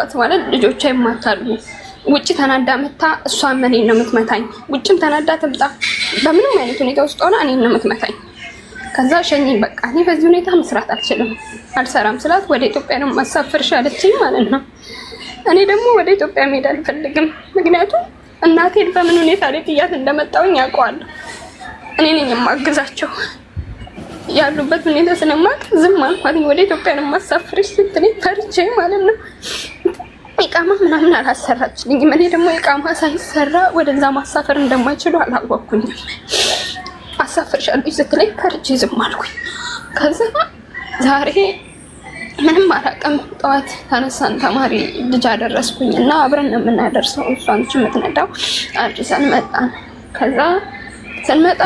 አልኳት ማለት ልጆቿ ይማታሉ። ውጭ ተናዳ መታ እሷም እኔን ነው የምትመታኝ። ውጭም ተናዳ ትምጣ በምንም አይነት ሁኔታ ውስጥ ሆነ እኔን ነው የምትመታኝ። ከዛ ሸኝኝ በቃ እኔ በዚህ ሁኔታ መስራት አልችልም አልሰራም ስላት ወደ ኢትዮጵያ ነው ማሳፈርሽ አለችኝ ማለት ነው። እኔ ደግሞ ወደ ኢትዮጵያ መሄድ አልፈልግም። ምክንያቱም እናቴን በምን ሁኔታ ላይ ጥያት እንደመጣውኝ ያውቀዋለሁ። እኔ ነኝ የማግዛቸው ያሉበት ሁኔታ ስለማቅ ዝም አልኳት። ወደ ኢትዮጵያ ነው ማሳፈርሽ ስትለኝ ፈርቼ ማለት ነው ኢቃማ ምናምን አላሰራችልኝም። እኔ ደግሞ ኢቃማ ሳይሰራ ወደዛ ማሳፈር እንደማይችሉ አላወቅኩኝም። አሳፍርሻለሁ ስትለኝ ፈርቼ ዝም አልኩኝ። ከዛ ዛሬ ምንም አላውቅም። ጠዋት ተነሳን፣ ተማሪ ልጅ አደረስኩኝ እና አብረን ነው የምናደርሰው። እሷን የምትነዳው አድርሰን መጣን። ከዛ ስንመጣ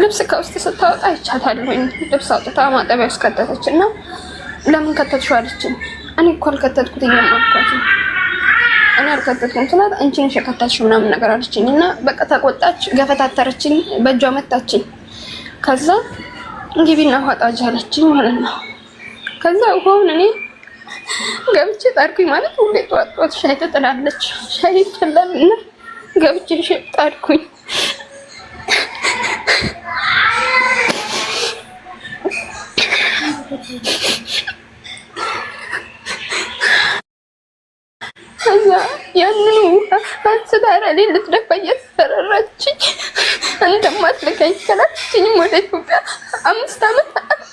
ልብስ ከውስጥ ስታወጣ ይቻታለኝ ልብስ አውጥታ ማጠቢያ ውስጥ ከተተች እና ለምን ከተትሸዋለችን እኔ እኮ አልከተትኩት እያማኳት እኔ አልከተትኩም ስላት አንቺ ነሽ የከተትሽ ምናምን ነገር አለችኝ። እና በቃ ተቆጣች፣ ገፈታተረችኝ፣ በእጇ መታችኝ። ከዛ እንግቢና ውሃ አለችኝ ማለት ነው። ከዛ ውሃውን እኔ ገብቼ ጣድኩኝ ማለት ሁሌ ጠዋት ጠዋት ሻይ ትጥላለች፣ ሻይ ይፈላል እና ገብቼ ጣድኩኝ። ከዛ ያንን ውሃ አንስታ ራሌ ልትደፋ እያስፈራራችኝ እንደማትልከኝ ከላችኝም ወደ ኢትዮጵያ አምስት አመት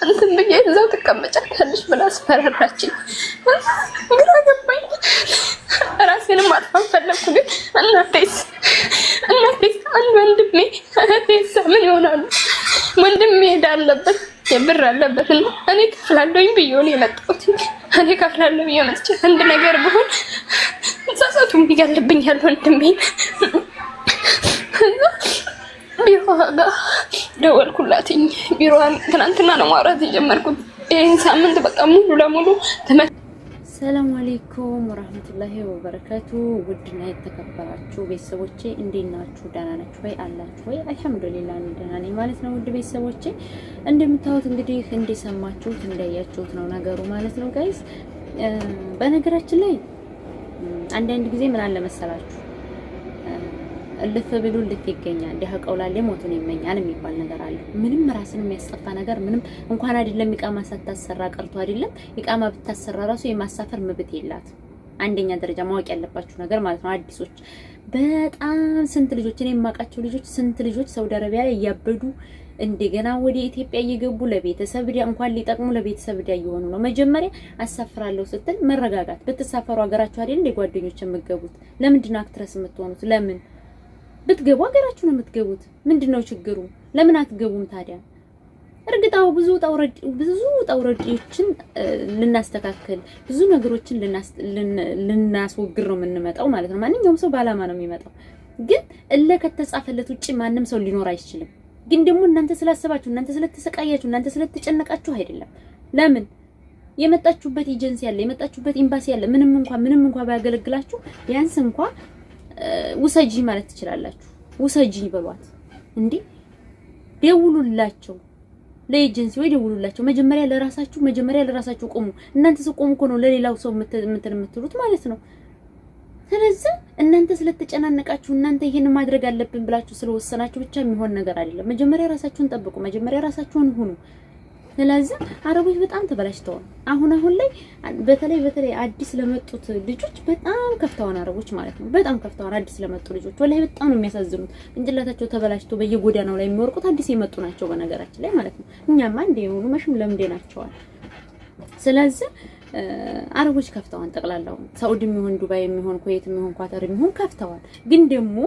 እንትን ብዬ እዛው ትቀመጫለሽ ብላ አስፈራራችኝ። ግራ ገባኝ። ራሴንም አጥፋን ፈለግኩ። ግን እናቴስ እናቴስ አንድ ወንድሜ እህቴስ ምን ይሆናሉ? ወንድሜ ሄዳ አለበት የብር አለበት እና እኔ ከፍላለኝ ብዬ ነው የመጣሁት። እኔ ከፍላለሁ ብዬ መጥቼ አንድ ነገር ብሆን እንሳሳቱም እያለብኝ ያለ ወንድሜ ቢሮ ጋ ደወልኩላትኝ። ቢሮዋን ትናንትና ነው ማውራት የጀመርኩት። ይህን ሳምንት በቃ ሙሉ ለሙሉ ተመ ሰላም አሌይኩም ወራህመቱላሂ ወበረከቱ። ውድና የተከበራችሁ ቤተሰቦቼ እንዴት ናችሁ? ደህና ናችሁ ወይ? አላችሁ ወይ? አልሐምዱሊላህ ደህና ነኝ ማለት ነው። ውድ ቤተሰቦቼ እንደምታዩት እንግዲህ እንደሰማችሁት እንዳያችሁት ነው ነገሩ ማለት ነው ጋይስ። በነገራችን ላይ አንዳንድ ጊዜ ምን አለ መሰላችሁ እልፍ ብሉ እልፍ ይገኛል። ድሀ ቀውላሌ ሞቱን ይመኛል የሚባል ነገር አለ። ምንም ራስን የሚያስጠፋ ነገር ምንም እንኳን አይደለም ኢቃማ ሳታሰራ ቀርቶ አይደለም ኢቃማ ብታሰራ ራሱ የማሳፈር መብት የላት። አንደኛ ደረጃ ማወቅ ያለባችሁ ነገር ማለት ነው። አዲሶች በጣም ስንት ልጆች እኔ የማውቃቸው ልጆች ስንት ልጆች ሳውዲ አረቢያ ላይ እያበዱ እንደገና ወደ ኢትዮጵያ እየገቡ ለቤተሰብ ዕዳ እንኳን ሊጠቅሙ ለቤተሰብ ዕዳ እየሆኑ ነው። መጀመሪያ አሳፍራለሁ ስትል መረጋጋት። ብትሳፈሩ ሀገራችሁ አይደል እንደ ጓደኞች የምትገቡት? ለምንድን አክትረስ የምትሆኑት? ለምን ብትገቡ ሀገራችሁ ነው የምትገቡት። ምንድን ነው ችግሩ? ለምን አትገቡም ታዲያ? እርግጣው ብዙ ጣውረድ ብዙ ጣውረዶችን ልናስተካክል ብዙ ነገሮችን ልናስወግድ ነው የምንመጣው ማለት ነው። ማንኛውም ሰው በዓላማ ነው የሚመጣው። ግን እለ ከተጻፈለት ውጪ ማንም ሰው ሊኖር አይችልም። ግን ደግሞ እናንተ ስላሰባችሁ፣ እናንተ ስለተሰቃያችሁ፣ እናንተ ስለተጨነቃችሁ አይደለም። ለምን የመጣችሁበት ኤጀንሲ አለ፣ የመጣችሁበት ኤምባሲ አለ። ምንም እንኳን ምንም እንኳን ባያገለግላችሁ ቢያንስ እንኳን ውሰጂ ማለት ትችላላችሁ። ውሰጂ በሏት እንዴ ደውሉላቸው፣ ለኤጀንሲ ወይ ደውሉላቸው። መጀመሪያ ለራሳችሁ መጀመሪያ ለራሳችሁ ቆሙ። እናንተ ስቆሙ እኮ ነው ለሌላው ሰው እንትን የምትሉት ማለት ነው። ስለዚህ እናንተ ስለተጨናነቃችሁ እናንተ ይሄን ማድረግ አለብን ብላችሁ ስለወሰናችሁ ብቻ የሚሆን ነገር አይደለም። መጀመሪያ ራሳችሁን ጠብቁ። መጀመሪያ ራሳችሁን ሁኑ። ስለዚህ አረቦች በጣም ተበላሽተዋል። አሁን አሁን ላይ በተለይ በተለይ አዲስ ለመጡት ልጆች በጣም ከፍተዋን አረቦች ማለት ነው። በጣም ከፍተዋን አዲስ ለመጡ ልጆች ወላሂ በጣም ነው የሚያሳዝኑት። ቅንጭላታቸው ተበላሽቶ በየጎዳናው ላይ የሚወርቁት አዲስ የመጡ ናቸው፣ በነገራችን ላይ ማለት ነው። እኛማ እንደ የሆኑ መሽም ለምዴ ናቸዋል። ስለዚህ አረቦች ከፍተዋል። ጠቅላላው ሳውዲ የሚሆን ዱባይ የሚሆን ኩዌት የሚሆን ኳተር የሚሆን ከፍተዋል። ግን ደግሞ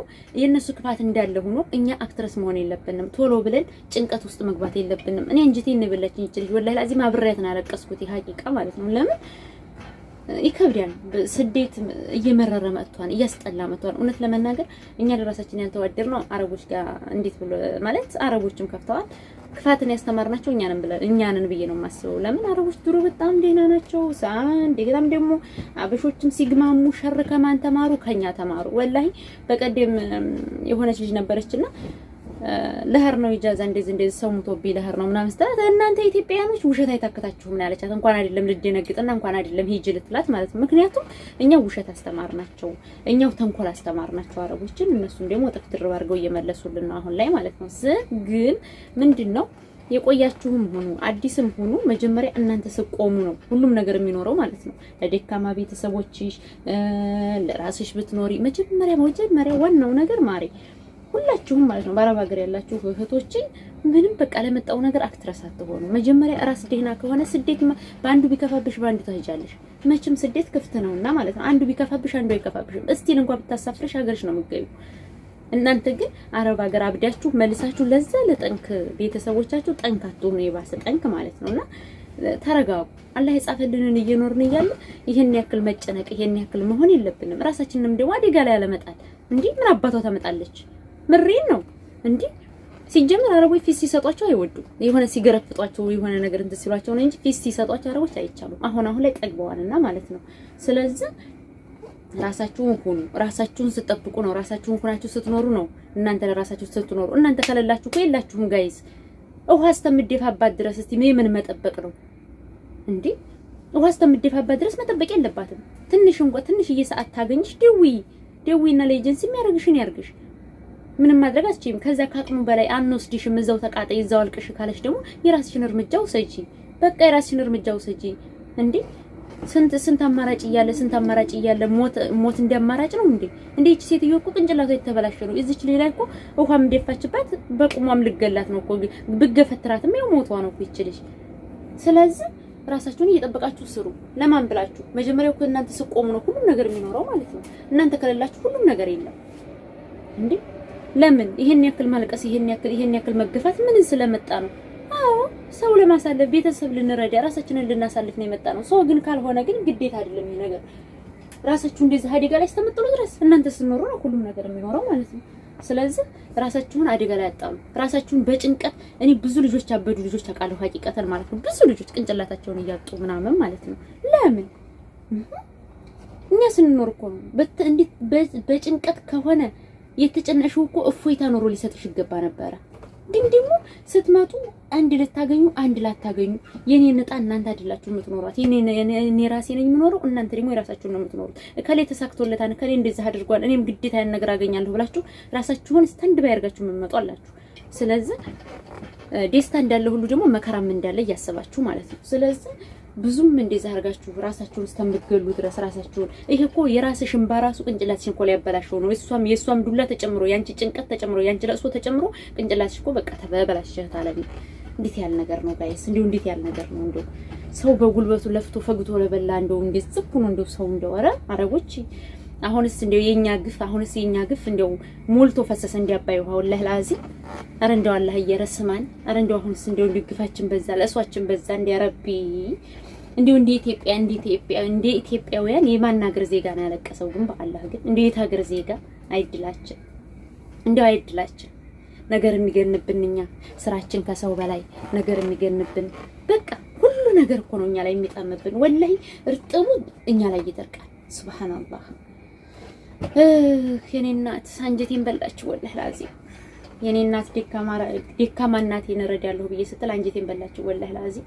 የእነሱ ክፋት እንዳለ ሆኖ እኛ አክትረስ መሆን የለብንም። ቶሎ ብለን ጭንቀት ውስጥ መግባት የለብንም። እኔ እንጂ እንብላችን ይችል ወላሂ አዚም አብሬያትን አለቀስኩት። ሀቂቃ ማለት ነው። ለምን ይከብዳል። ስደት እየመረረ መጥቷን እያስጠላ መጥቷን። እውነት ለመናገር እኛ ለራሳችን ያልተዋደር ነው። አረቦች ጋር እንዴት ብሎ ማለት አረቦችም ከፍተዋል ክፋትን ያስተማርናቸው እኛንን ብለን እኛንን ብዬ ነው የማስበው። ለምን አረቦች ድሮ በጣም ደህና ናቸው። ሳን እንደገናም ደግሞ አበሾችም ሲግማሙ ሸር ከማን ተማሩ? ከኛ ተማሩ። ወላሂ በቀደም የሆነች ልጅ ነበረችና ለህር ነው ኢጃዛ እንደዚህ እንደዚህ ሰው ሙቶብኝ ለህር ነው ምናምን ስትላት፣ እናንተ ኢትዮጵያውያኖች ውሸት አይታክታችሁም ነው ያለቻት። እንኳን አይደለም ልደነግጥና እንኳን አይደለም ሂጅ ልትላት ማለት ነው። ምክንያቱም እኛ ውሸት አስተማርናቸው፣ እኛው ተንኮል አስተማርናቸው አረቦችን። እነሱም ደግሞ ጥፍ ትርብ አድርገው እየመለሱልን ነው አሁን ላይ ማለት ነው። ግን ምንድን ነው የቆያችሁም ሆኑ አዲስም ሆኑ መጀመሪያ እናንተ ስቆሙ ነው ሁሉም ነገር የሚኖረው ማለት ነው። ለደካማ ቤተሰቦችሽ ለራስሽ ብትኖሪ መጀመሪያ መጀመሪያ ዋናው ነገር ማሪ ሁላችሁም ማለት ነው በአረብ ሀገር ያላችሁ እህቶቼ ምንም በቃ ለመጣው ነገር አክትረስ አትሆኑ። መጀመሪያ ራስ ደህና ከሆነ ስደት በአንዱ ቢከፋብሽ በአንዱ ታጃለሽ። መቼም ስደት ክፍት ነውና ማለት ነው አንዱ ቢከፋብሽ አንዱ አይከፋብሽም። እስቲል እንኳን ብታሳፍረሽ ሀገርሽ ነው የምትገቢው። እናንተ ግን አረብ ሀገር አብዳችሁ መልሳችሁ ለዛ ለጠንክ ቤተሰቦቻችሁ ጠንክ አትሆኑ፣ የባሰ ጠንክ ማለት ነውና ተረጋጉ። አላህ የጻፈልንን እየኖርን እያለ ይሄን ያክል መጨነቅ ይሄን ያክል መሆን የለብንም። ራሳችንንም ደግሞ አደጋ ላይ ያለመጣል እንዴ ምን አባቷ ታመጣለች? ምሬን ነው እንዲህ ሲጀመር አረቦች ፊስ ሲሰጧቸው አይወዱም። የሆነ ሲገረፍጧቸው የሆነ ነገር እንትን ሲሏቸው ነው እንጂ ፊስ ሲሰጧቸው አረቦች አይቻሉም። አሁን አሁን ላይ ጠግበዋልና ማለት ነው። ስለዚህ ራሳችሁን ሁኑ። ራሳችሁን ስትጠብቁ ነው ራሳችሁን ሁናችሁ ስትኖሩ ነው እናንተ ለራሳችሁ ስትኖሩ። እናንተ ከሌላችሁ እኮ የላችሁም ጋይዝ። ውሃ እስከምትደፋባት ድረስ እስቲ ምን ምን መጠበቅ ነው እንዴ? ውሃ እስከምትደፋባት ድረስ መጠበቅ የለባትም። ትንሽ እንኳን ትንሽ ሰዓት ታገኝሽ። ደዊ ደዊና ለኤጀንሲ የሚያደርግሽን ያርግሽ ምንም ማድረግ አትችይም። ከዛ ከአቅሙ በላይ አንወስድሽም። እዛው ተቃጠይ፣ እዛው አልቅሽ ካለሽ ደግሞ የራስሽን እርምጃ ውሰጂ። በቃ የራስሽን እርምጃ ውሰጂ። እንዴ ስንት ስንት አማራጭ እያለ ስንት አማራጭ እያለ ሞት ሞት እንደ አማራጭ ነው እንዴ? እንዴ እቺ ሴትዮ እኮ ቅንጭላቷ የተበላሸ ነው። እዚች ሌላ እኮ ውሃም ደፋችባት፣ በቁሟም ልገላት ነው እኮ ብገፈትራትም ያው ሞቷ ነው እኮ ይችልሽ። ስለዚህ ራሳችሁን እየጠበቃችሁ ስሩ። ለማን ብላችሁ? መጀመሪያው እኮ እናንተ ስቆሙ ነው ሁሉም ነገር የሚኖረው ማለት ነው። እናንተ ከሌላችሁ ሁሉም ነገር የለም እንዴ ለምን ይሄን ያክል ማልቀስ፣ ይሄን ያክል ይሄን ያክል መገፋት ምንን ስለመጣ ነው? አዎ ሰው ለማሳለፍ ቤተሰብ ልንረዳ ራሳችንን ልናሳልፍ ነው የመጣ ነው። ሰው ግን ካልሆነ ግን ግዴታ አይደለም ይሄ ነገር። ራሳችሁ እንደዚህ አደጋ ላይ ስተመጥሉ ድረስ እናንተ ስትኖሩ ነው ሁሉም ነገር የሚኖረው ማለት ነው። ስለዚህ ራሳችሁን አደጋ ላይ አጣሉ። ራሳችሁን በጭንቀት እኔ ብዙ ልጆች ያበዱ ልጆች አውቃለሁ፣ ሀቂቀተን ማለት ነው። ብዙ ልጆች ቅንጭላታቸውን እያጡ ምናምን ማለት ነው። ለምን እኛ ስንኖር እኮ ነው። በጭንቀት ከሆነ የተጨነሽው እኮ እፎይታ ኖሮ ሊሰጥሽ ይገባ ነበረ። ግን ደግሞ ስትመጡ አንድ ልታገኙ አንድ ላታገኙ፣ የኔ ነጣ እናንተ አይደላችሁ የምትኖሯት። እኔ ራሴ ነኝ የምኖረው፣ እናንተ ደግሞ የራሳችሁን ነው የምትኖሩት። እከሌ ተሳክቶለታን፣ እከሌ እንደዚህ አድርጓል፣ እኔም ግዴታ ያን ነገር አገኛለሁ ብላችሁ ራሳችሁን ስታንድ ባይ አድርጋችሁ የምትመጡ አላችሁ። ስለዚህ ደስታ እንዳለ ሁሉ ደግሞ መከራም እንዳለ እያሰባችሁ ማለት ነው። ስለዚህ ብዙም እንደዛ አድርጋችሁ ራሳችሁን እስከምትገሉ ድረስ ራሳችሁን ይሄ እኮ የራስሽ እንባ ራሱ ቅንጭላትሽን እኮ ሊያበላሸው ነው። እሷም የእሷም ዱላ ተጨምሮ ያንቺ ጭንቀት ተጨምሮ ያንቺ ለቅሶ ተጨምሮ ቅንጭላትሽ እኮ በቃ ተበላሸህ ታለኝ። እንዴት ያለ ነገር ነው ጋይስ! እንዴው እንዴት ያለ ነገር ነው! እንዴው ሰው በጉልበቱ ለፍቶ ፈግቶ ለበላ እንደው እንዴት ጽኩ ነው እንደው ሰው እንደው ኧረ አረቦች አሁንስ እንደው የኛ ግፍ አሁንስ የኛ ግፍ እንደው ሞልቶ ፈሰሰ እንዲያባይ ውሃ ወላህ ላዚ አረ እንደው አላህ እየረስማን አረ እንደው አሁንስ እንደው ግፋችን በዛ ለእሷችን በዛ እንዲያ ረቢ እንደ ኢትዮጵያ እንደ ኢትዮጵያ እንደ ኢትዮጵያውያን የማን ሀገር ዜጋ ነው ያለቀሰው? ግን በአላህ ግን እንደው የት ሀገር ዜጋ አይድላችን፣ እንደው አይድላችን። ነገር የሚገንብን እኛ ስራችን ከሰው በላይ ነገር የሚገንብን በቃ ሁሉ ነገር እኮ ነው እኛ ላይ የሚጠምብን። ወላይ እርጥቡ እኛ ላይ ይጠርቃል። ሱብሃንአላህ የኔ እናት አንጀቴን በላችሁ። ወላህ ላዚም የኔ እናት ደካማ እናቴን እረዳለሁ ብዬ ስትል አንጀቴን በላችሁ። ወላህ ላዚም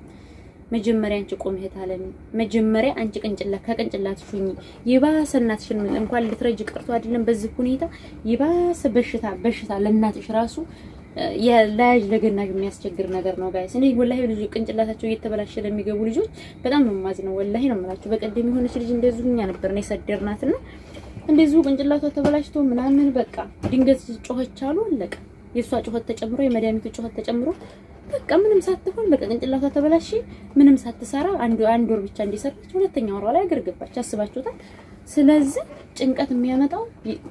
መጀመሪያ አንቺ ቆም እህት አለኝ። መጀመሪያ አንቺ ቅንጭላት ከቅንጭላትሽ ሁኚ። የባሰ እናትሽን እንኳን ልትረጅ ቀርቶ አይደለም በዚህ ሁኔታ የባሰ በሽታ በሽታ ለእናትሽ ራሱ ለያዥ ለገናዥ የሚያስቸግር ነገር ነው ጋይስ። እኔ ወላሂ ልጅ ቅንጭላታቸው እየተበላሸ ለሚገቡ ልጆች በጣም መማዝ ነው። ወላሂ ነው የምላችሁ። በቀደም የሆነች ልጅ እንደዚሁ እኛ ነበር ነው የሰደርናትና እንደዚሁ ቅንጭላቷ ተበላሽቶ ምናምን በቃ ድንገት ጮኸች አሉ አለቀ። የእሷ ጮኸት ተጨምሮ የመድኃኒቱ ጮኸት ተጨምሮ በቃ ምንም ሳትሆን በቃ ቅንጭላቷ ተበላሽ። ምንም ሳትሰራ አንድ አንድ ወር ብቻ እንዲሰራች ሁለተኛ ወሯ ላይ አገር ገባች። አስባችሁታል? ስለዚህ ጭንቀት የሚያመጣው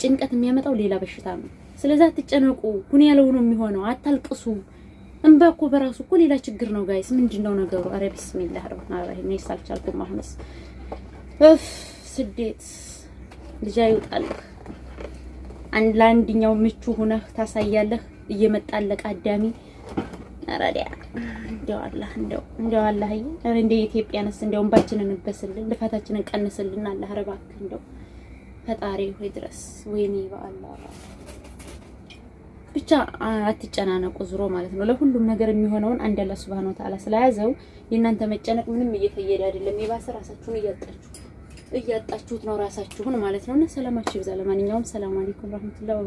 ጭንቀት የሚያመጣው ሌላ በሽታ ነው። ስለዚህ አትጨነቁ። ሁን ያለው ነው የሚሆነው። አታልቅሱ። እንባ እኮ በራሱ እኮ ሌላ ችግር ነው። ጋይስ ምንድን ነው ነገሩ? አረ ቢስሚላህ ረህማን ረሂም። ሳልቻልኩም አሁንስ እፍ ስዴት ልጅ አንድ ለአንድኛው ምቹ ሁነህ ታሳያለህ። እየመጣለቅ አዳሚ ረዲያ እንደው አላህ እንደው እንደው አላህ እንደ ኢትዮጵያንስ እንደው እንባችንን እንበስልን፣ ልፋታችንን ቀንስልን። አላህ እባክህ እንደው ፈጣሪ ሆይ ድረስ። ወይኔ በአላህ ብቻ አትጨናነቁ፣ ዙሮ ማለት ነው። ለሁሉም ነገር የሚሆነውን አንድ አላህ ሱብሃነሁ ወተዓላ ስለያዘው የእናንተ መጨነቅ ምንም እየፈየደ አይደለም። የባሰ ራሳችሁን እያጣችሁ እያጣችሁት ነው ራሳችሁን ማለት ነው። እና ሰላማችሁ ይብዛ። ለማንኛውም ሰላም አለይኩም ረህመቱላህ